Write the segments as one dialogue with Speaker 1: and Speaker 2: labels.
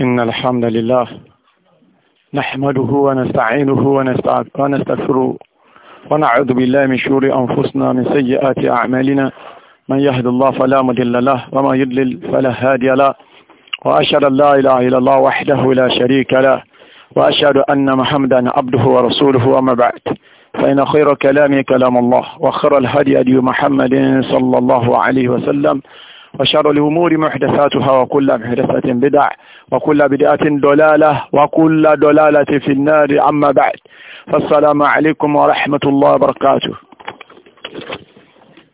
Speaker 1: إن الحمد لله نحمده ونستعينه ونستغفره ونعوذ بالله من شرور أنفسنا من سيئات أعمالنا من يهد الله فلا مضل له وما يضلل فلا هادي له وأشهد أن لا إله إلا الله وحده لا شريك له وأشهد أن محمدا عبده ورسوله وما بعد فإن خير كلام كلام الله وخير الهدي هدي محمد صلى الله عليه وسلم وشر الأمور محدثاتها وكل محدثة بدع وكل بدعة ضلالة وكل دلالة في النار أما بعد فالسلام عليكم ورحمة الله وبركاته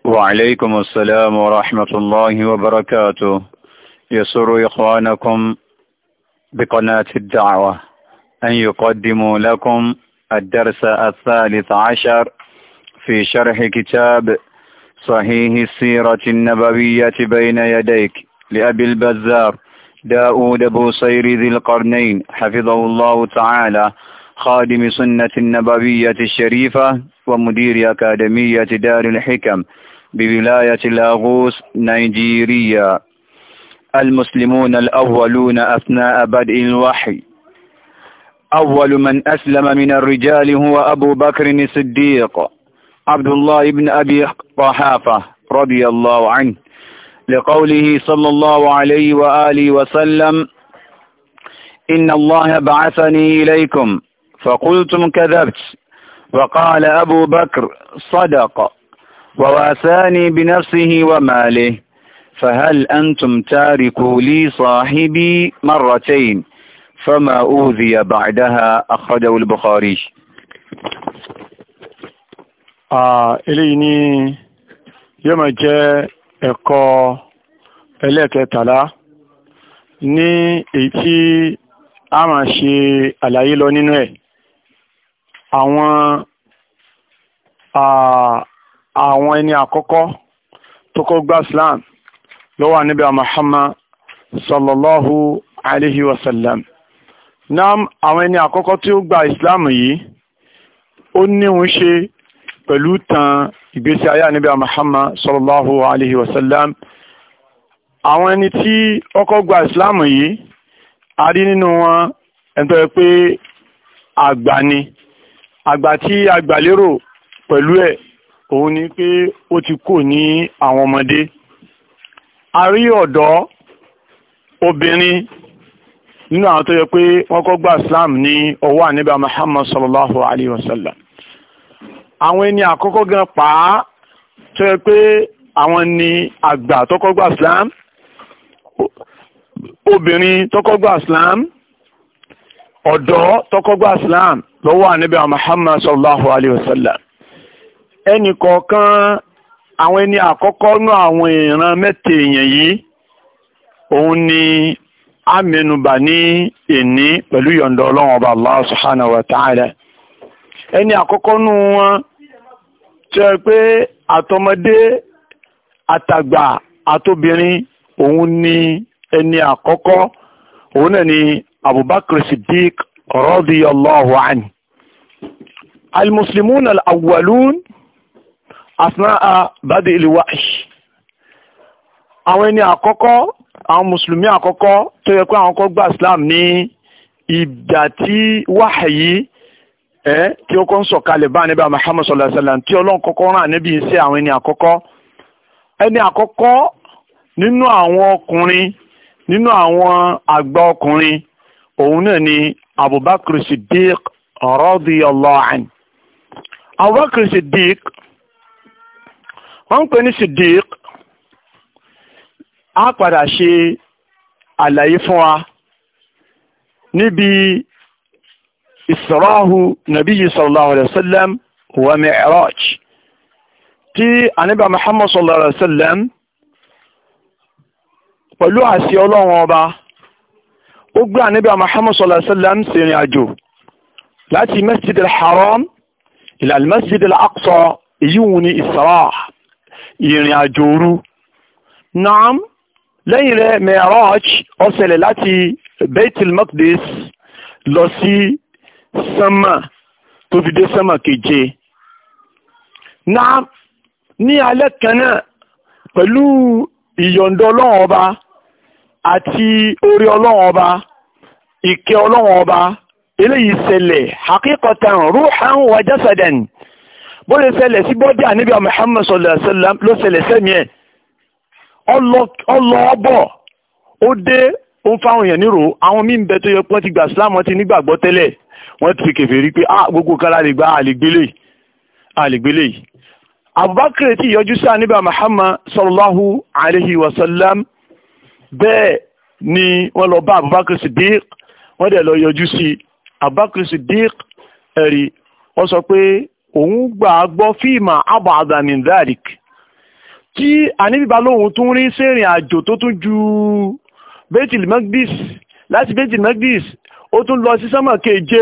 Speaker 2: وعليكم السلام ورحمة الله وبركاته يسر إخوانكم بقناة الدعوة أن يقدموا لكم الدرس الثالث عشر في شرح كتاب صحيح السيرة النبوية بين يديك لأبي البزار داود بوصير ذي القرنين حفظه الله تعالى خادم سنة النبوية الشريفة ومدير أكاديمية دار الحكم بولاية لاغوس نيجيريا المسلمون الأولون أثناء بدء الوحي أول من أسلم من الرجال هو أبو بكر الصديق عبد الله بن أبي قحافة رضي الله عنه لقوله صلى الله عليه وآله وسلم إن الله بعثني إليكم فقلتم كذبت وقال أبو بكر صدق وواساني بنفسه وماله فهل أنتم تاركوا لي صاحبي مرتين فما أوذي بعدها أخرجه البخاري
Speaker 1: eléyìí ni yóò máa jẹ́ ẹ̀kọ́ ẹlẹ́ẹ̀kẹtàlá ní èyí tí a máa ṣe àlàyé lọ nínú ẹ̀ àwọn àwọn ẹni àkọ́kọ́ tó kọ́ gbà Islam lọ́wọ́ níbi Muhammad sallallahu alaihi wasallam náà àwọn ẹni àkọ́kọ́ tí ó gba Islam yìí ó níhun ṣe pẹ̀lú tan ìgbésí ayé ànábì Muhammad sallallahu alayhi wa sallam àwọn ẹni tí ọkọ̀ gba ìsìláàmù yìí a rí nínú wọn ẹ̀ntọ́ ẹ pé àgbà ni àgbà tí agbàlérò pẹ̀lú ẹ̀ òun ni pé ó ti kò ní àwọn ọmọdé a rí ọ̀dọ́ obìnrin nínú àwọn tó yẹ pé wọ́n kọ́ gba islam ní ọwọ́ àníbà muhammad sallallahu alayhi wa àwọn ẹni àkọ́kọ́ gan pa á tó yẹ pé àwọn ni àgbà tọ́kọ́ Islam obìnrin tọ́kọ́ Islam ọ̀dọ́ Islam lọ́wọ́ Muhammad sallallahu alayhi wa sallam kọ̀ọ̀kan àwọn ẹni àkọ́kọ́ nú àwọn ìran mẹ́ta èèyàn yìí òun ni a mẹ́nubà ní ìní pẹ̀lú tí ó pé àtọmọdé àtàgbà àtobìnrin òun ni ẹni àkọ́kọ́ òun náà ni Abubakar Siddiq radiyallahu anhu al-muslimun al-awwalun asna'a badi ilwahi àwọn ẹni àkọ́kọ́ àwọn mùsùlùmí àkọ́kọ́ tó yẹ pé àwọn kọ́ gba Islam ní ìgbà tí wáhàyí ẹ́ tí ó kọ́ ń sọ̀kalẹ̀ bá níbà Muhammad tí ọlọ́run kọ́kọ́ rán níbi iṣẹ́ àwọn ẹni àkọ́kọ́ ẹni nínú àwọn ọkùnrin nínú àwọn àgbà ọkùnrin òun náà ni Abubakar Siddiq radiyallahu anhu Abubakar Siddiq wọ́n ń pè ní Siddiq á padà ṣe israhu nabiyyi sallallahu alaihi wasallam wa mi'raj tí aniba muhammad sallallahu alaihi wasallam pẹ̀lú àṣẹ ọlọ́run ọba ó gbé aniba muhammad sallallahu alaihi wasallam sí ìrìn àjò láti masjid al-haram ila al-masjid al-aqsa èyí wù ní isra ìrìn àjò òru naam lẹ́yìn rẹ̀ mi'raj ó ṣẹlẹ̀ láti baitul maqdis lọ sí sánmà tó fi dé keje na ní alẹ́ kan pẹ̀lú ìyọ̀ǹda ọlọ́run ọba àti orí ọlọ́run ọba ìkẹ́ ọlọ́run ọba eléyìí ṣẹlẹ̀ hakíkọta rúhàn wa jasadan bó lè sí bọ́dí àníbí ló sẹ́mi ẹ̀ ọlọ́ọ̀bọ̀ ó dé ó ń fáwọn èèyàn ti gbà wọ́n ti kẹfẹ́ rí pé ah gbogbo kan láti gba àlègbélé àlègbélé yìí abubakar ti yọjú sí àníbà muhammad sallallahu alayhi wa sallam bẹ́ẹ̀ ni wọ́n lọ bá abubakar siddiq wọ́n dẹ̀ lọ yọjú sí abubakar siddiq ẹ̀rí wọ́n sọ pé òun gbà á gbọ́ fíìmà abada min dhalik tí àníbìbá lóhun tún rí sẹ́rìn àjò tó tún ju Baitul Maqdis láti Baitul Maqdis ó tún lọ sí sánmà keje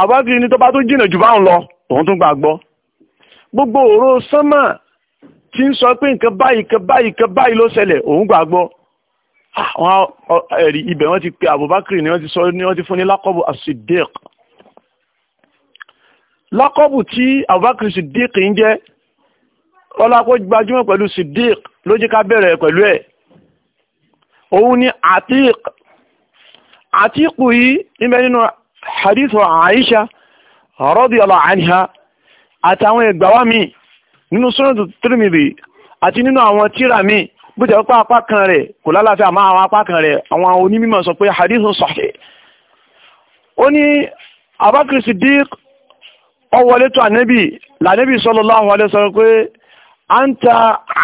Speaker 1: àbákiri ni tó bá tó jìnà jù báwọn lọ tòun tún gbàgbọ́ gbogbo òró sánmà tí ń sọ pé nǹkan báyìí nǹkan báyìí nǹkan báyìí ló ṣẹlẹ̀ òun gbàgbọ́ àwọn ah, ẹ̀rí ibẹ̀ wọ́n ti pe Abubakar ni wọ́n ti sọ ni wọ́n ti fún ní lákọ́bù asidik lákọ́bù tí Abubakar sidik ń jẹ́ ọlákó gbajúmọ̀ pẹ̀lú sidik ló jẹ́ ká bẹ̀rẹ̀ pẹ̀lú ẹ̀ òun ni atik atiku yìí níbẹ̀ nínú hadith Aisha radiyallahu anha àtàwọn ìgbàwá mi nínú Sunan Tirmidhi àti nínú àwọn tíra mi bó jẹ́ pé apá kan rẹ̀ kò lálàáfíà máa àwọn apá kan rẹ̀ àwọn onímọ̀ sọ pé hadith sahih ó ní Abakr Siddiq ọwọlé tó ànẹ́bì lànẹ́bì sallallahu alaihi wasallam pé anta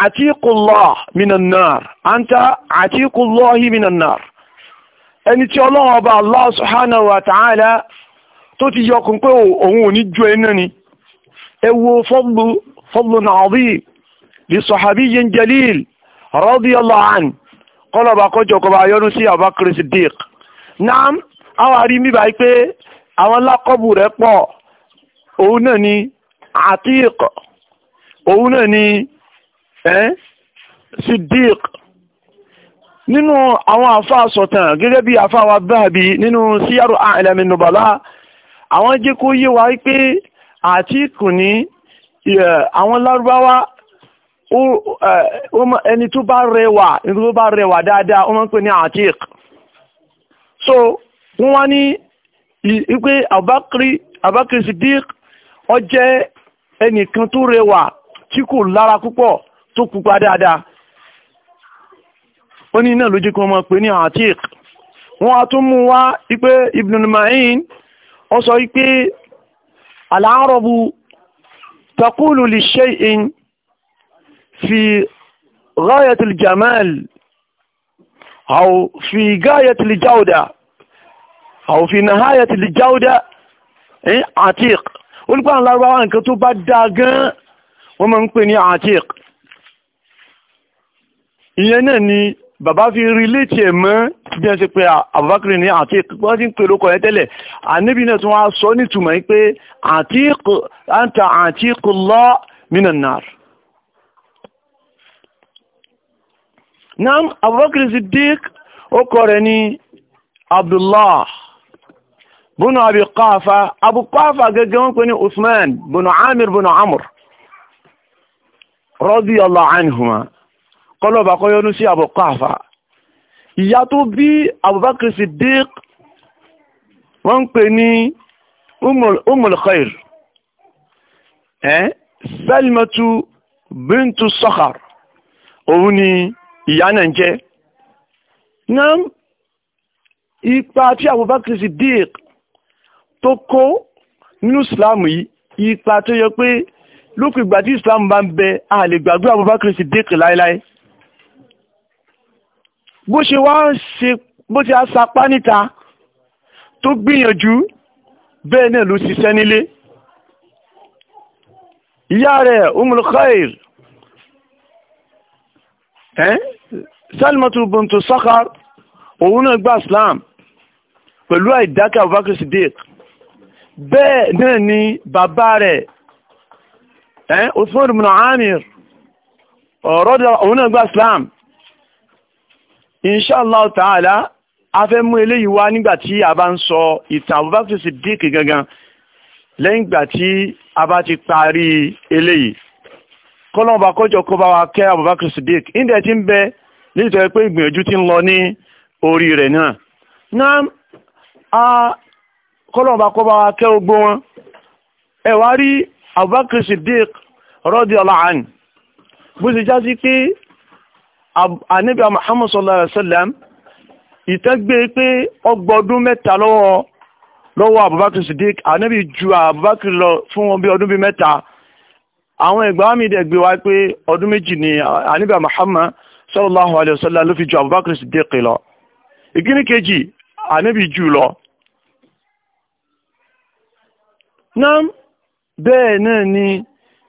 Speaker 1: atiqullah minan nar ẹni tí ọlọ́run ọba Allah subhanahu wa ta'ala tó ti yọkùn pé òun ò ní ju iná ni ẹ wo fadlu fadlun azim li sahabiyyin jalil radiyallahu anhu kọlọ̀bà kọjọ kọba ayọ́nú sí Abubakr Siddiq nínú àwọn àfá sọ̀tàn gẹ́gẹ́ bí àfá wa báàbí nínú síyàrò àìlẹ̀mì nùbàlá àwọn jẹ́ kó yé wa pé àtíkù ní àwọn lárúbáwá ẹni tó bá rẹwà ẹni tó bá rẹwà dáadáa wọ́n pè ní àtíkù so wọ́n wá ní ipé Abakri Siddiq ó jẹ́ ẹnìkan tó rẹwà tí kò lára púpọ̀ tó pupa dáadáa ó ní iná ló jẹ́ kí wọ́n máa pè ní àtíkù wọ́n a tún mú wá wípé Ibn Ma'in ó sọ wípé al-Arabu taqulu li shay'in fi ghayat al-jamal aw fi ghayat al-jawda aw fi nihayat al-jawda àtíkù olùkọ́ àwọn nǹkan tó bá dáa gan wọ́n máa ń pè ní àtíkù ìyẹn náà ni bàbá fi relate ẹ̀ mọ́ bí wọ́n ṣe pé Abubakar ní àti wọ́n ti ń pè lóko ẹ̀ tẹ́lẹ̀ àníbi náà tí wọ́n á sọ nítumọ̀ yìí pé anta atiqullah minan nar. naam Abubakar Siddiq ó kọ rẹ̀ ní Abdullah bunu Abi Qafa Abu Qafa gẹ́gẹ́ wọ́n pè ní Usman bunu Amir bunu Amr radiyallahu anhuma kọ́lọ́ba kọ́yọ́nú sí Abu Qahafa ìyá tó bí Abubakar Siddiq wọ́n ń pè ní Ummul Khair Salimatu bintu Sakhar òun ni ìyá náà ń jẹ́ náà ipa tí Abubakar Siddiq tó kó nínú Islam yìí ipa tó yẹ pé lókùn ìgbà tí Islam bá ń bẹ a gbàgbé Abubakar Siddiq láéláé bó ṣe wá ń ṣe bó ti aṣapá níta tó gbìyànjú bẹ́ẹ̀ náà ló ṣiṣẹ́ nílé ìyá rẹ̀ Ummul Khair ẹ́ Salmatu buntu Sakhar òun náà gba Islam pẹ̀lú àìdákẹ́ Abubakar Siddiq bẹ́ẹ̀ náà ni bàbá rẹ̀ ẹ́ Uthman ibn Amir ọ̀rọ̀dọ̀ òun náà gba Islam inshallah ta'ala a fẹ́ mú eléyìí wá nígbà tí a bá ń sọ ìtàn Abubakar Siddiq gangan lẹ́yìn ìgbà tí a bá ti parí eléyìí kọ́lọ́mọba kọjọ kó bá wa kẹ́ Abubakar Siddiq ìdẹ̀ ti ń bẹ nítorí pé ìgbìyànjú ti ń lọ ní orí rẹ̀ náà náà kọ́lọ́mọba kó bá wa kẹ́ ogbó wọn ẹ wá rí Abubakar Siddiq radiyallahu anhu bó ti já sí pé ànábì Muhammad sallallahu alaihi wasallam ìtẹ́gbé pé ọgbọ̀ọdún mẹ́ta lọ́wọ́ lọ́wọ́ Abubakar Siddiq ànábì ju Abubakar lọ fún wọn bí ọdún bí mẹ́ta àwọn ìgbà mi dẹ̀ gbé wá pé ọdún méjì ni ànábì Muhammad sallallahu alaihi wasallam ló fi ju Abubakar Siddiq lọ ìkíní kejì ànábì jù lọ náà bẹ́ẹ̀ náà ni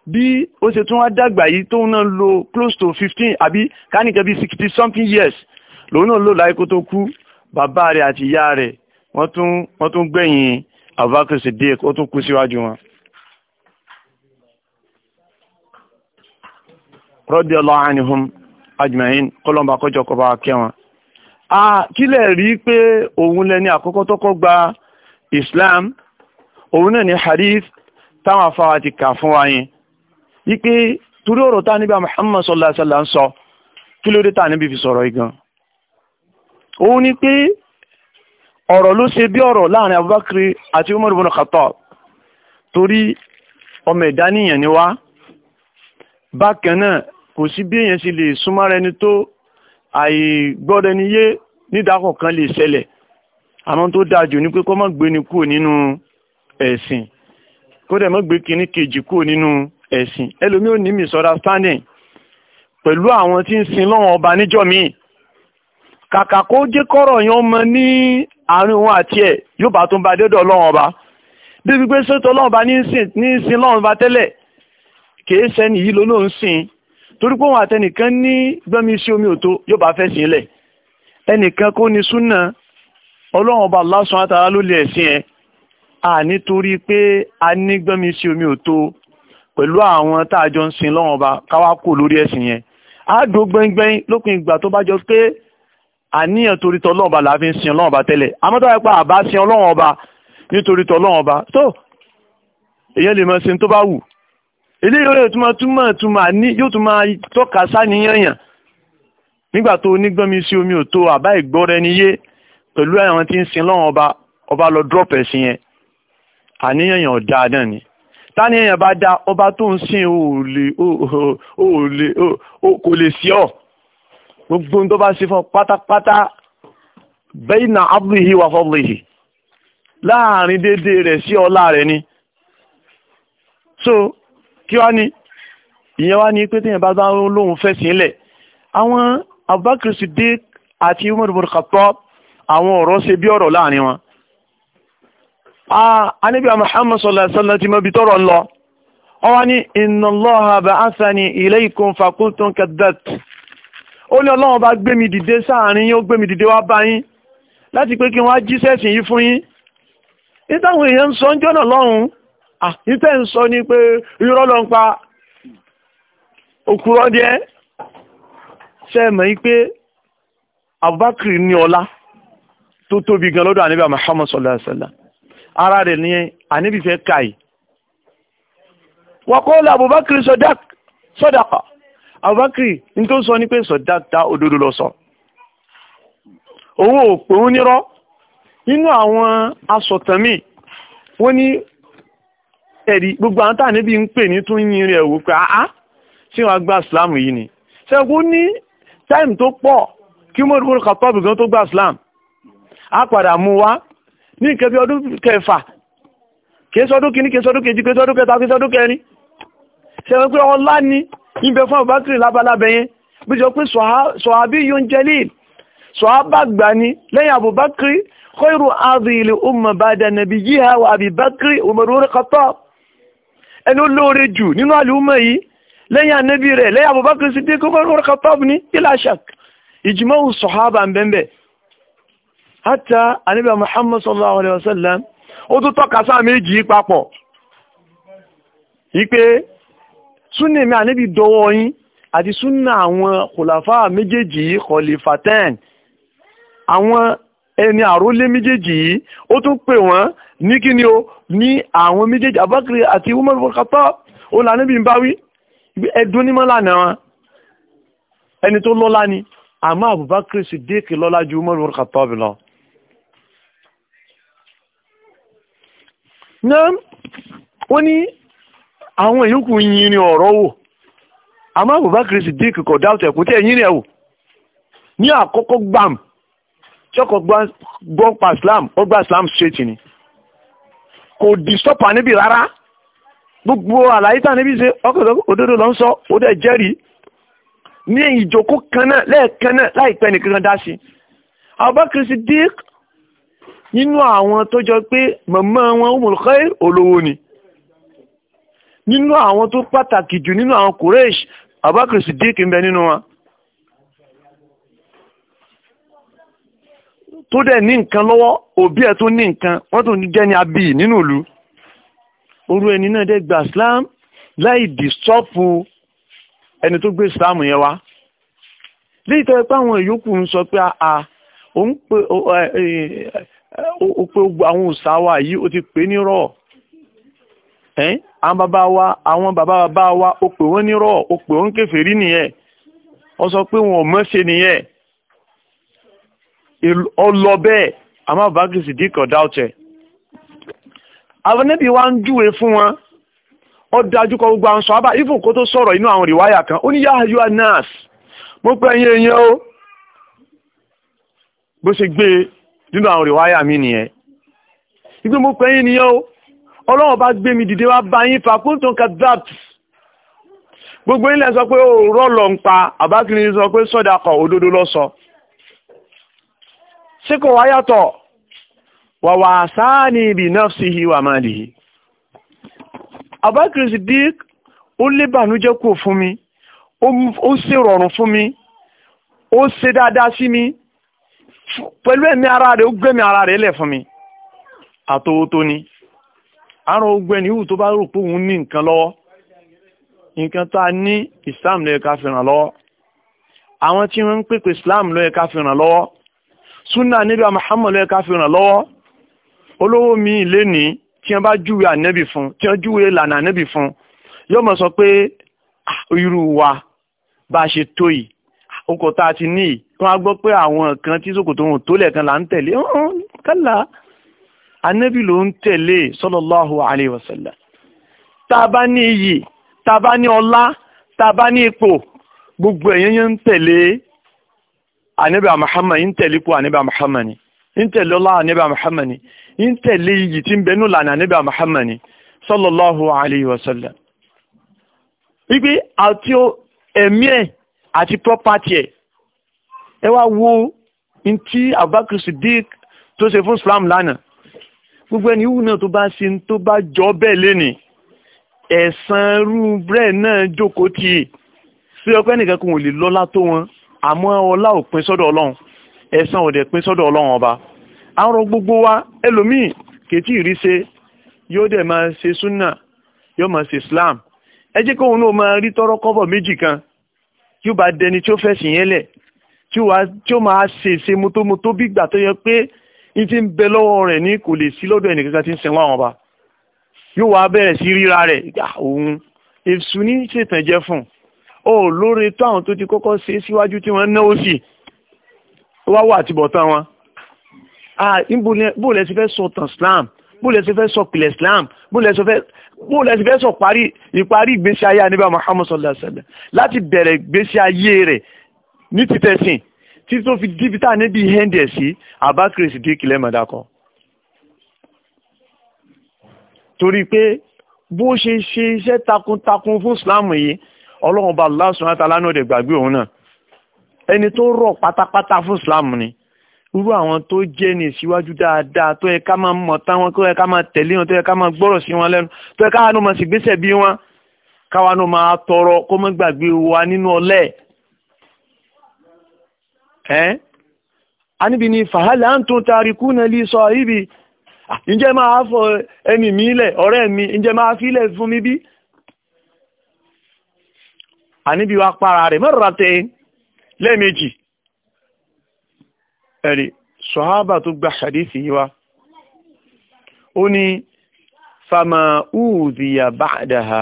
Speaker 1: bí ó ṣe tún wá dàgbà yìí tóun náà lo close to fifteen àbí káníkẹ́ bí sixty something years lòun náà lò láyé kó tó kú bàbá rẹ̀ àti ìyá rẹ̀ wọ́n tún wọ́n tún gbẹ̀yìn Abubakar Siddiq ó tún kú síwájú wọn. radiyallahu anhum ajma'in kọ́lọ́mbà kọjọ kọba kẹwọn. a kílẹ̀ rí pé òun lẹni àkọ́kọ́ tọ́kọ́ gba Islam òun náà ní hadith táwọn afáwa ti kà fún wa yẹn wípé torí ọ̀rọ̀ tá níbi Muhammad sallallahu alaihi wasallam ń sọ kí ló dé tá níbi fi sọ̀rọ̀ igan òun ni pé ọ̀rọ̀ ló ṣe bí ọ̀rọ̀ láàrin Abubakar àti Umar ibn Khattab torí ọmọ ìdáníyàn ni wá bákan náà kò sí bí èèyàn sì lè súnmọ́ra ẹni tó àìgbọ́dẹniyé nídàkọ̀ kan lè ṣẹlẹ̀ àmọ́ kó ni kúrò dẹ̀ má gbé kíní kejì kúrò nínú ẹ̀sìn ẹlòmí ò ní misunderstanding pẹ̀lú àwọn tí ń sin lọ́wọ́n ọba níjọ́ míì kàkà kó jẹ́ kọ́rọ̀ yẹn mọ ní àárín òun àti ẹ̀ yóò bá tún ba dédọ̀ lọ́wọ́n ọba débi pé sọ́tọ̀ lọ́wọ́n ọba ní sin lọ́wọ́n ọba tẹ́lẹ̀ kìí sẹ́ni yìí ló lóun sìn torí pé òun àtẹnìkan ní gbẹ́mi sí omi òtó yóò bá fẹ́ sìn ẹnìkan kó ní súnà ọlọ́wọ́n ọba Allah subhanahu ló lè ẹ̀sìn ẹ̀ à nítorí pé a ní gbẹ́mi sí omi òtó pẹ̀lú àwọn tá a jọ ń sin lọ́wọ́n ọba káwá kò lórí ẹ̀sìn yẹn á dó gbẹ́ngbẹ́ng lópin ìgbà tó bá jọ pé àníyàn torí tọ́ lọ́wọ́n ọba là á fi ń sin ọlọ́wọ́n ọba tẹ́lẹ̀ àmọ́ tó bá pa àbá sin ọlọ́wọ́n ọba nítorí tọ́ lọ́wọ́n ọba tó èyàn lè mọ sin tó bá wù ilé ìrọ̀lẹ́ yóò túmọ̀ túmọ̀ túmọ̀ ní yóò túmọ̀ tọ́ka sáníyànyàn nígbà tó onígbọ́nmi sí omi ò tó àbá ìgbọ́ra pẹ̀lú àwọn tí ń sin lọ́wọ́n ọba ọba lọ dúrọ̀pù ẹ̀sìn yẹn àníyànyàn ọ̀dà náà ni tani èèyàn bá dá ọba tó ń sìn ò lè ò lè kò lè sí ọ gbogbo tó bá ṣe fún pátápátá bẹ́ẹ̀nà abúlé wà fọ́bùlé láàrin dédé rẹ̀ sí ọlá rẹ̀ ni so kí wá ní ìyẹn wá ní pé téèyàn bá bá lóhun fẹ́ sílẹ̀ àwọn Abubakar Siddiq àti Umar ibn àwọn ọ̀rọ̀ ṣe bí ọ̀rọ̀ láàrin wọn anibia Muhammad sallallahu alaihi wasallam ti mọ́ bí tọ́rọ lọ ọwá ní inna Allaha ba'athani ilaykum faqultum kadat ó ní ọlọ́run bá gbé mi dìde sáàrin yín gbé mi dìde wá bá yín láti pé kí wọ́n á jíṣẹ́ sí yín fún yín nítàwọn èèyàn ń sọ ń jọ́nà lọ́run ara rẹ̀ ní àníbì fẹ́ káyì wọ́kọ́ lọ Abubakar sọ́dàkà Abubakar ní tó sọ ní pé sọ̀dáta òdodo lọ sọ owó òpòrún nírọ́ nínú àwọn asọ̀tànmí wọ́n ní ẹ̀rí gbogbo àwọn tàà níbi ń pè ní tún yín rẹ̀ wò pé àá tí wọ́n gba Islam yìí ni ṣẹ́gun ní táìmù tó pọ̀ kí mọ́rùn-ún kàtọ́bù gan tó gba Islam á padà mú wá ní nǹkan bí ọdún kẹfà kìí sọdún kìíní kìí sọdún kejì kìí sọdún kẹta kìí sọdún kẹrin ṣẹ̀wọ̀n pé ọlá ní ibẹ̀ fún Abubakar labalábẹ̀ yẹn bí jọ pé sọ̀hábí yóò ń jẹ́lẹ̀ sọ̀hábàgbà ni lẹ́yìn Abubakar khairu adìlẹ̀ umma bada nabiyyiha wa Abubakar Umarul Khattab ẹni olóore jù nínú àlùmọ̀ yìí lẹ́yìn ànábì rẹ̀ lẹ́yìn Abubakar Siddiq Umarul Khattab ní ìlàṣà ìjìmọ̀ sọ̀hábà ń bẹ́ẹ̀ hátà àníbà Muhammad sallallahu alaihi wasallam ó tó tọ́ka sáà méjì papọ̀ wípé súnnà mi àníbì dọwọ́ yín àti súnnà àwọn kòlàfà méjèèjì kọlìfàtẹ́n àwọn ẹni àrólé méjèèjì yìí ó tún pè wọ́n ní kí ni o ní àwọn méjèèjì Abubakar àti Umar bukata ó là níbi ń bá wí ẹdún ní mọ́lànà wọn ẹni tó lọ́lá ni àmọ́ Abubakar Siddiq lọ́lá ju Umar bukata bì lọ náà wọ́n ní àwọn ìyókù yìnyín ọ̀rọ̀ wò àmọ́ Abubakar Siddiq kò dáwọ̀tẹ̀ kò tẹ̀ yìnyín ẹ̀ wò ní àkọ́kọ́ gbàm tíọ́kọ̀ gbọ́ pa Islam ó gba Islam straight ni kò dì sọ́pà níbi rárá gbogbo àlàyé tá níbi ṣe ọkọ̀ òdodo ló ń sọ ó dẹ̀ jẹ́rìí ní ìjókòó kan náà lẹ́ẹ̀kan náà láìpẹ́ nìkan dá sí Abubakar Siddiq nínú àwọn tó jọ pé màmá wọn Ummul Khair olówó ni nínú àwọn tó pàtàkì jù nínú àwọn Quraysh Abubakar Siddiq ń bẹ nínú wọn tó dẹ̀ ní nǹkan lọ́wọ́ òbí ẹ̀ tó ní nǹkan wọ́n tó jẹ́ ní abì nínú ìlú orú ẹni náà dẹ̀ gba Islam láì dìsọ́pù ẹni tó gbé Islam yẹn wá léyìí tó yẹ pé àwọn ìyókù ń sọ pé àà òun pé ó pé àwọn òòṣà wa yìí ó ti pè nírọ́ ẹ́n àwọn bàbá wa àwọn bàbá bàbá wa ó pè ní nírọ́ ó pè wọ́n kèfèrí nìyẹn ó sọ pé wọn ò mọ̀ọ́ṣe nìyẹn ọlọ bẹ́ẹ̀ àmọ́ bàbá Siddiq kò àwọn wa ń júwe fún wọn ó dájú kọ gbogbo àwọn sọ́ábà ifò kó tó sọ̀rọ̀ inú àwọn rìwáyà kan ó ní yá ayọ́ nurse mo pẹ́ yín ẹ̀yẹ́ o bó ṣe gbé e nínú àwọn rìwáyà mi nìyẹn ìgbé mo pẹ́ yín nìyẹn o ọlọ́wọ́ bá gbé mi dìde wá bá yín fa kó tó ń ka dat gbogbo ilẹ̀ sọ pé ó oh, rọ́lọ̀ ń pa àbákiri sọ pé sọ́dà kọ̀ òdodo lọ sọ ṣé kò wá yàtọ̀ wà wà sáà ní ibi nafsihi wa malihi àbákiri Siddiq ó lé bànújẹ́ fún mi ó sì fún mi ó ṣe dáadáa sí mi pẹ̀lú ẹ̀mí ara rẹ̀ ó gbẹ̀mí ara rẹ̀ lẹ̀ fún mi àtòwò tó ni àrùn ogun ẹni ìhù tó bá rò pé òun ní nǹkan lọ́wọ́ nǹkan tá a ní Islam ló yẹ ká fi lọ́wọ́ àwọn tí wọ́n ń pèpè Islam ló yẹ ká fi ràn lọ́wọ́ sunna níbi Muhammad ló yẹ ká fi ràn lọ́wọ́ olówó mi lénìí tí wọ́n bá júwe ànẹ́bì fún tí wọ́n júwe lànà ànẹ́bì fún yóò mọ̀ sọ pé ah, irú wa bá a ṣe tó yìí okòó tá a ti ní tó wá gbọ́ pé àwọn kan tí sòkòtò wọn tó lẹ́ẹ̀kan là ń tẹ̀lé kálá anábì ló ń tẹ̀lé sallallahu alayhi wa sallam tá a bá ní iyì tá a bá ní ọlá tá a bá ní ipò gbogbo ẹ̀yẹn yẹn ń tẹ̀lé anábì Muhammad ń tẹ̀lé ipò anábì Muhammad ni ń tẹ̀lé ọlá anábì Muhammad ni ń tẹ̀lé iyì tí ń bẹnu lànà anábì Muhammad ni sallallahu alayhi wa sallam wípé àti ẹ̀mí ẹ̀ àti property ẹ̀ ẹ wá wo n tí Abubakar Siddiq tó ṣe fún Islam lánàá gbogbo ẹni wù náà tó bá ṣe tó bá jọ bẹ́ẹ̀ lénìí ẹ̀sán rú brẹ́ náà jókòó tì í sí ọpẹ́ nìkan kò lè lọ́lá tó wọn àmọ́ ọlá ò pin sọ́dọ̀ Ọlọ́run ẹ̀sán òdẹ̀ pin sọ́dọ̀ Ọlọ́run ọba àárọ̀ gbogbo wa ẹlòmíì kètì rí ṣe yóò dẹ̀ máa ṣe súnà yóò máa ṣe Islam ẹ jẹ́ kóun náà máa rí tọ́rọ́ kọ́bọ̀ méjì kan yóò bá dẹni tí ó fẹ̀sìn yẹn lẹ̀ tí ó máa ṣe ṣe mútómútó bí ìgbà tó yẹ pé ní ti ń bẹ lọ́wọ́ rẹ̀ ní kò lè sí lọ́dọ̀ ẹnìkankan tí ń sẹ́wọ́n àwọn ọba yóò wá bẹ̀rẹ̀ sí ríra rẹ̀ gbà òun èṣù ní ṣètàn jẹ́ fún ọ lóore tó àwọn tó ti kọ́kọ́ ṣe síwájú tí wọ́n náwó sí wá wà àtibọ̀tán wọn bóòlẹ̀ ti fẹ́ sọ tàn Islam bóòlẹ̀ ti fẹ́ sọ pìlẹ̀ Islam bóòlẹ̀ ti fẹ́ sọ parí ìparí ìgbésí ayé àníbà Muhammad sallallahu alaihi wasallam láti bẹ̀rẹ̀ ìgbésí ayé rẹ̀ ní ti tẹ̀sìn tí tó fi díbítà níbi hẹ́ndẹ̀ sí abakiri sidik lẹ́mọ̀dákọ̀ torí pé bó ṣe ṣe iṣẹ́ takuntakun fún islam yìí ọlọ́run bá Allah subhanahu wa ta'ala náà dẹ̀ gbàgbé òun náà ẹni tó rọ̀ pátápátá fún islam ni irú àwọn tó jẹ́ ní ìsíwájú dáadáa tó yẹ ká máa mọ̀ táwọn tó yẹ ká máa tẹ̀lé wọn tó yẹ ká máa gbọ́rọ̀ sí wọn lẹ́nu tó yẹ káwọn náà máa ṣègbésẹ̀ bí wọn káwọn náà máa tọrọ kó má gbàgbé wa nínú ọlẹ́ ẹ́ eh? aníbi ni fàhálà ń tún tarí kú náà lè sọ ibi ah, ǹjẹ́ máa fọ ẹni mi lẹ̀ ọ̀rẹ́ mi ǹjẹ́ máa fílẹ̀ fún mi bí aníbi wa para rẹ̀ mọ́rọ̀ tẹ lẹ́ẹ̀mejì ẹ̀rí sọ̀hábà tó gba ṣàdífì wa ó ní fàmà úùdìyà ba'daha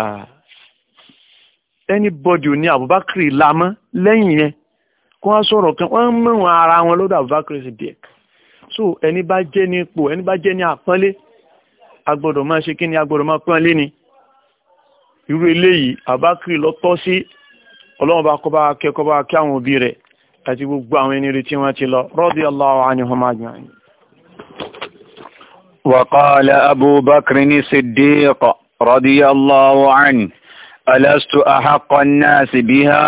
Speaker 1: anybody ò ní àbúbákìrì lámọ́ lẹ́yìn yẹn kó wọ́n sọ̀rọ̀ kan wọ́n mú wọn ara wọn lọ́dọ̀ Abubakar Siddiq so ẹni bá jẹ́ ní ipò ẹni bá jẹ́ ní àpọ́nlé agbọ́dọ̀ máa ṣe kí ni agbọ́dọ̀ máa pọ́nlé ni irú eléyìí Abubakar ló sí ọlọ́run bá kọ́ bá kẹ́kọ́ bá kí àwọn òbí rẹ̀ àti gbogbo àwọn ẹni retí wọn ti lọ radiyallahu anhum ajma'in.
Speaker 2: wa qala Abu Bakr as-Siddiq radiyallahu anhu alastu ahaqqa an-nas biha.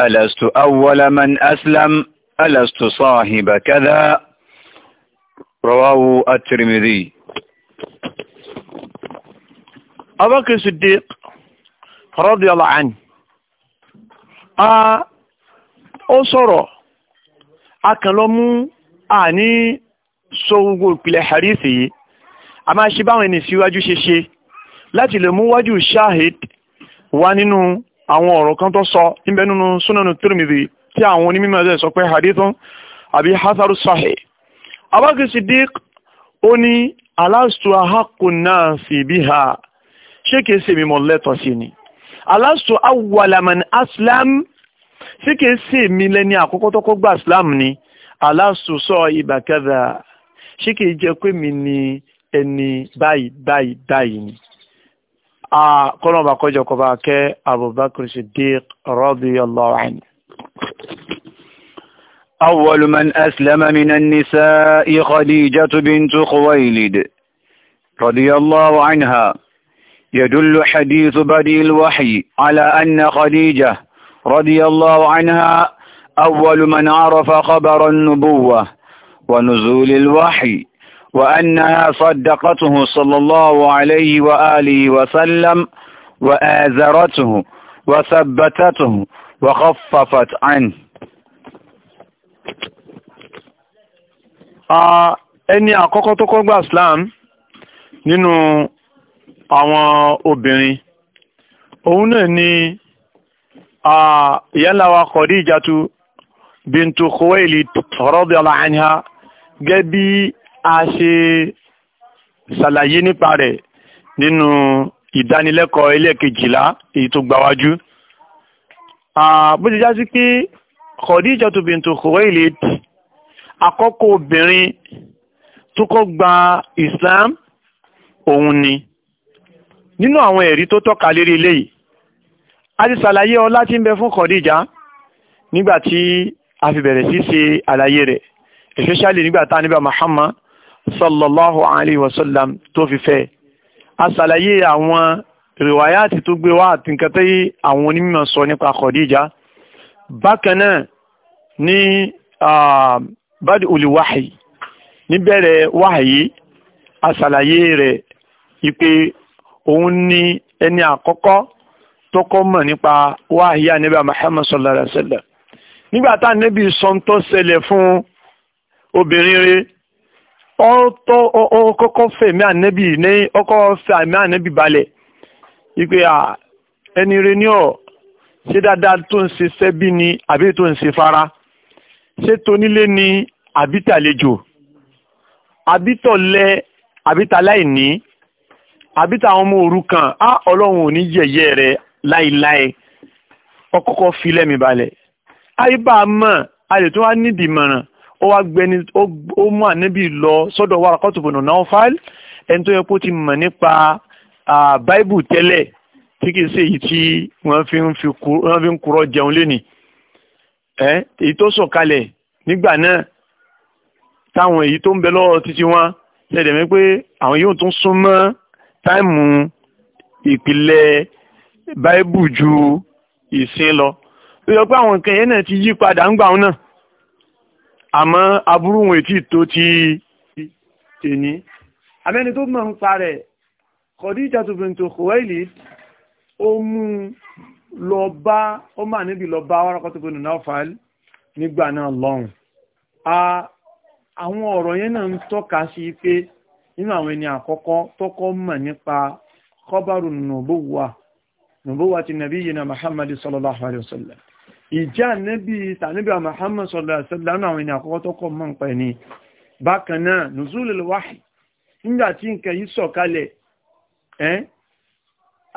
Speaker 2: ألست أول من أسلم ألست صاحب كذا رواه الترمذي
Speaker 1: أبو بكر الصديق رضي الله عنه ó sọ̀rọ̀ akànlọ́mú àní sọ́gbogbo ìpìlẹ̀ harithi yìí a máa ṣe báwọn ẹni síwájú ṣe ṣe láti lè mú wájú shahid wá nínú àwọn ọ̀rọ̀ kan tó sọ níbẹ̀ nínú súnánù Tirmidhi tí àwọn onímọ̀ ẹ̀dẹ̀ sọ pé hadithun àbí hasaru sahih abákì Siddiq ó ní alastu ahaqqun nasi biha ṣé kìí ṣe mímọ̀ lẹ́tọ̀ sí ni alastu awwala aslam ṣé kìí ṣe mi lẹ́ni àkọ́kọ́ tó kọ́ gba Islam ni alastu sahiba kadha ṣé kìí jẹ́ pé mi ni ẹni báyìí báyìí báyìí ni
Speaker 2: Ah, kọ́nà bá kọjọ أبو بكر الصديق رضي الله عنه أول من أسلم من النساء خديجة بنت خويلد رضي الله عنها يدل حديث بدء الوحي على أن خديجة رضي الله عنها أول من عرف خبر النبوة ونزول الوحي وأنها صدقته صلى الله عليه وآله وسلم وآزرته وثبتته وخففت عنه
Speaker 1: ẹni àkọ́kọ́ tó kọ́ gba Islam nínú àwọn obìnrin òun náà ni ìyáláwa Khadijatu bintu Khuwailid radiyallahu anha gẹ́bí a ṣe ṣàlàyé nípa rẹ̀ nínú ìdánilẹ́kọ̀ọ́ ẹlẹ́ẹ̀kejìlá èyí tó gbáwájú bó ti já sí pé Khadijatu bintu Khuwailid àkọ́kọ́ obìnrin tó kọ́ gba Islam òun ni nínú àwọn ẹ̀rí tó tọ́ka lérí eléyìí a ti ṣàlàyé ọlá tí ń bẹ fún Khadija nígbà tí a fi bẹ̀rẹ̀ sí ṣe àlàyé rẹ̀ especially nígbà tá a níbà Muhammad sallallahu alayhi wa sallam tó fi fẹ́ a ṣàlàyé àwọn rìwáyàtì tó gbé wá àti nǹkan tẹ́ àwọn onímọ̀ sọ nípa Khadija bákan náà ní badi olùwáhì níbẹ̀rẹ̀ wáhì a ṣàlàyé rẹ̀ ipe òun ni ẹni àkọ́kọ́ tó kọ́ mọ̀ nípa wáhì ànábì Muhammad sallallahu alayhi wa sallam nígbà tá ànábì sọ tó ṣẹlẹ̀ fún ọ̀tọ̀ ọkọ̀kọ́ fẹ̀mí ànẹ́bì ní ọkọ̀ fẹ̀mí ànẹ́bì balẹ̀ wípé à ẹni rẹ ní ọ̀ ṣé dáadáa tó ń ṣe sẹ́bí ni àbí tó ń ṣe fara ṣé tonílé ni àbí tàlejò àbí tọ̀lẹ àbí tàláìní àbí tàwọn ọmọ òrukàn á ọlọ́run ò ní yẹ̀yẹ́ rẹ láéláé ọkọ̀kọ́ fi lẹ́mi balẹ̀ àyíbá mọ̀ a lè tún wá nídìí mọ̀ràn ó wá gbẹni ó mú ànábì lọ sọ́dọ̀ Waraqatu bun Nawfal ẹni tó yẹ kó ti mọ̀ nípa báíbù tẹ́lẹ̀ tí kìí ṣe èyí tí wọ́n fi ń kúrò jẹun lénìí èyí tó sọ̀kalẹ̀ nígbà náà táwọn èyí tó ń bẹ lọ́wọ́ títí wọn ṣẹ̀dẹ̀ mi pé àwọn yóò tún sún mọ́ táìmù ìpìlẹ̀ báíbù ju ìsìn lọ. ó yọ pé àwọn nǹkan yẹn náà ti yí padà ń gbà wọn náà àmọ́ aburú wọn ètí tó ti tèní abẹ́ni tó mọ̀ ń parẹ̀ Khadija bintu Khuwailid ó mú lọ bá ó mà níbi lọ bá Waraqatu bin Nawfal nígbà náà lọ́hùn àwọn ọ̀rọ̀ yẹn náà ń tọ́ka sí pé nínú àwọn ẹni àkọ́kọ́ tọ́kọ́ mọ̀ nípa khabaru nubuwa nubuwa ti na Muhammad sallallahu alaihi wasallam ìjẹ́ ànẹ́bí tànẹ́bí Muhammad sallallahu alaihi wasallam àwọn ènìyàn àkọ́kọ́ tó kọ́ mọ́ ń pẹ̀ ní bákan náà nùzúlùl wáhì nígbà tí nǹkan yìí sọ̀kalẹ̀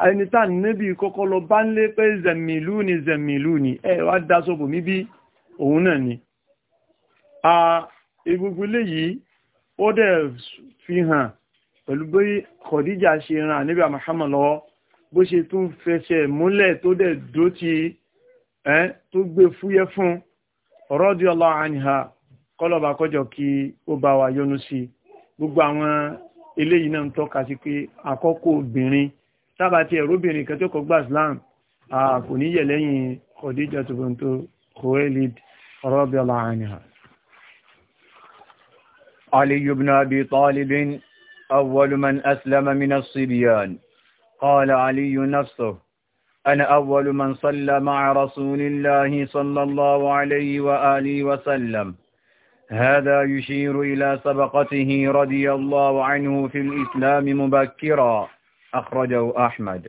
Speaker 1: ẹni tànẹ́bí kọ́kọ́ lọ bá ń lé pé zẹ̀mìlú ni zẹ̀mìlú ni ẹ wá dá sóbò mí bí òun náà ni pẹ̀lú bí Khadija ṣe ran ànẹ́bí Muhammad lọ́wọ́ bó ṣe tún fẹsẹ̀ múlẹ̀ tó dẹ̀ dó ti t'ogbe tó gbé fúyẹ́ fún radiyallahu anha kọ́lọ̀bà kọjọ kí ó bá wa yọ́nú sí gbogbo àwọn eléyìí náà ń tọ́ka sí pé àkọ́kọ́ obìnrin sábà tí ẹ̀rọ obìnrin kan Islam kò ní yẹ̀ lẹ́yìn Khadija tòbóntó Khuwailid radiyallahu anha.
Speaker 2: Ali ibn قال علي نفسه أنا أول من صلى مع رسول الله صلى الله عليه وآله وسلم هذا يشير إلى سبقته رضي الله عنه في الإسلام مبكرا أخرجه أحمد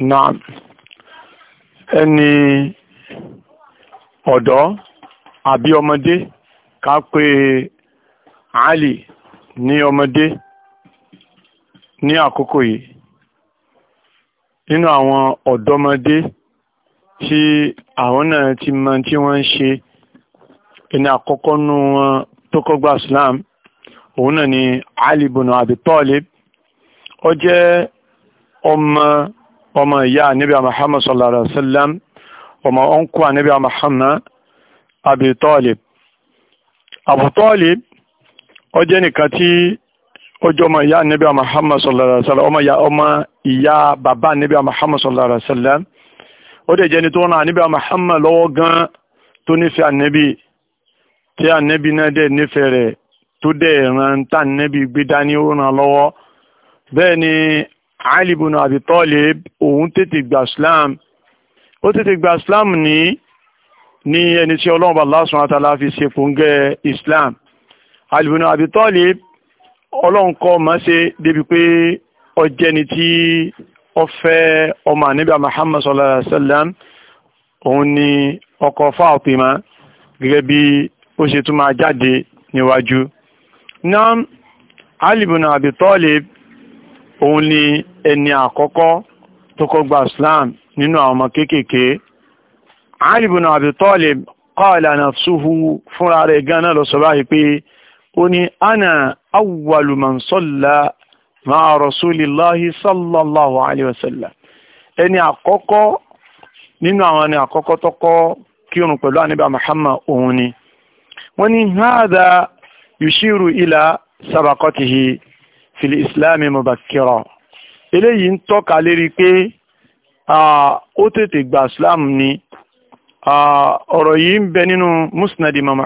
Speaker 2: نعم
Speaker 1: أني أدعى أبي أمدي ká علي ني أمدي ní àkókò yìí nínú àwọn ọ̀dọ́mọdé tí àwọn náà ti mọ tí wọ́n ń ṣe ẹni àkọ́kọ́ nú wọn tó kọ́gbà Islam òun náà ni Ali ibn Abi Talib ó jẹ́ ọmọ ọmọ ìyá Ànábì Muhammad sallallahu alaihi wasallam ọmọ ọ̀nkú Ànábì Muhammad Abi Talib Abu Talib ó jẹ́ nìkan tí ọjọ́ ọmọ ìyá níbi Muhammad sallallahu alaihi wasallam ọmọ ìyá ọmọ ìyá bàbá níbi Muhammad sallallahu alaihi wasallam ó dẹ̀ jẹ́ni tó ràn níbi Muhammad lọ́wọ́ gan tó nífẹ̀ẹ́ ànẹ́bí tí ànẹ́bí náà dẹ̀ nífẹ̀ẹ́ rẹ̀ tó dẹ̀ ràn tá ànẹ́bí gbé dání ó ràn lọ́wọ́ bẹ́ẹ̀ ni Ali ibn Abi Talib òun tètè gba Islam ó tètè gba Islam ní ní ẹni tí ọlọ́run bá Allah subhanahu wa ta'ala fi Islam Ali ibn ọlọ́run kọ́ máa ṣe débi pé ọjẹ́ ni tí ó fẹ́ ọmọ àníbà Muhammad sallallahu alaihi wasallam òun ni ọkọ Fatima gẹ́gẹ́ bí ó ṣe tún máa jáde níwájú náà Ali ibn òun ni ẹni àkọ́kọ́ tó kọ́ gba Islam nínú àwọn ọmọ kéékèèké Ali ibn Abi Talib qala nafsuhu fúnra rẹ̀ gan náà lọ pé ó ní ana awwalu man salla ma'a rasulillahi sallallahu alayhi wa sallam ẹni àkọ́kọ́ nínú àwọn ẹni àkọ́kọ́ tọ́kọ́ kírun pẹ̀lú àníbà Muhammad òun ni wọ́n ní hadha yushiru ila sabaqatihi fil islami mubakkira eléyìí ń tọ́ka lérí pé ó tètè gba islam ni ọ̀rọ̀ yìí ń bẹ nínú musnad Imam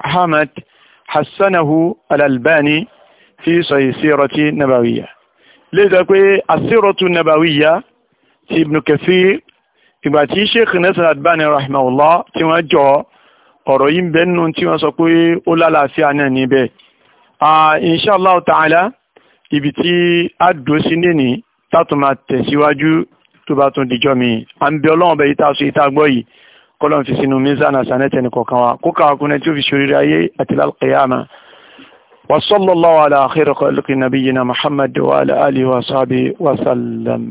Speaker 1: hassanahu al-albani fi sahih sirati nabawiyya lè sọ pé asírọ̀tù nabawiyya ti ibn kathir ìgbà tí sheikh nasir albani rahimahullah tí wọ́n jọ ọ̀rọ̀ yìí bẹ́nu tí wọ́n sọ pé ó lálàáfíà náà níbẹ̀ inshallah ta'ala ibi tí a dùn sí nìní tátùmá tẹ̀síwájú tó bá tún dìjọ́ mi à ń bẹ ọlọ́run bẹ yìí tá yìí kọ́lọ̀ fi sínú mizana sanẹ́tẹ̀ ní kọ̀ọ̀kan wa kó kàwà kúnẹ̀ tí ó fi ṣoríire ayé àti lálùkìyàmà wa sallallahu ala akhir khalqi nabiyyina muhammad wa ala alihi wa sahbihi wa sallam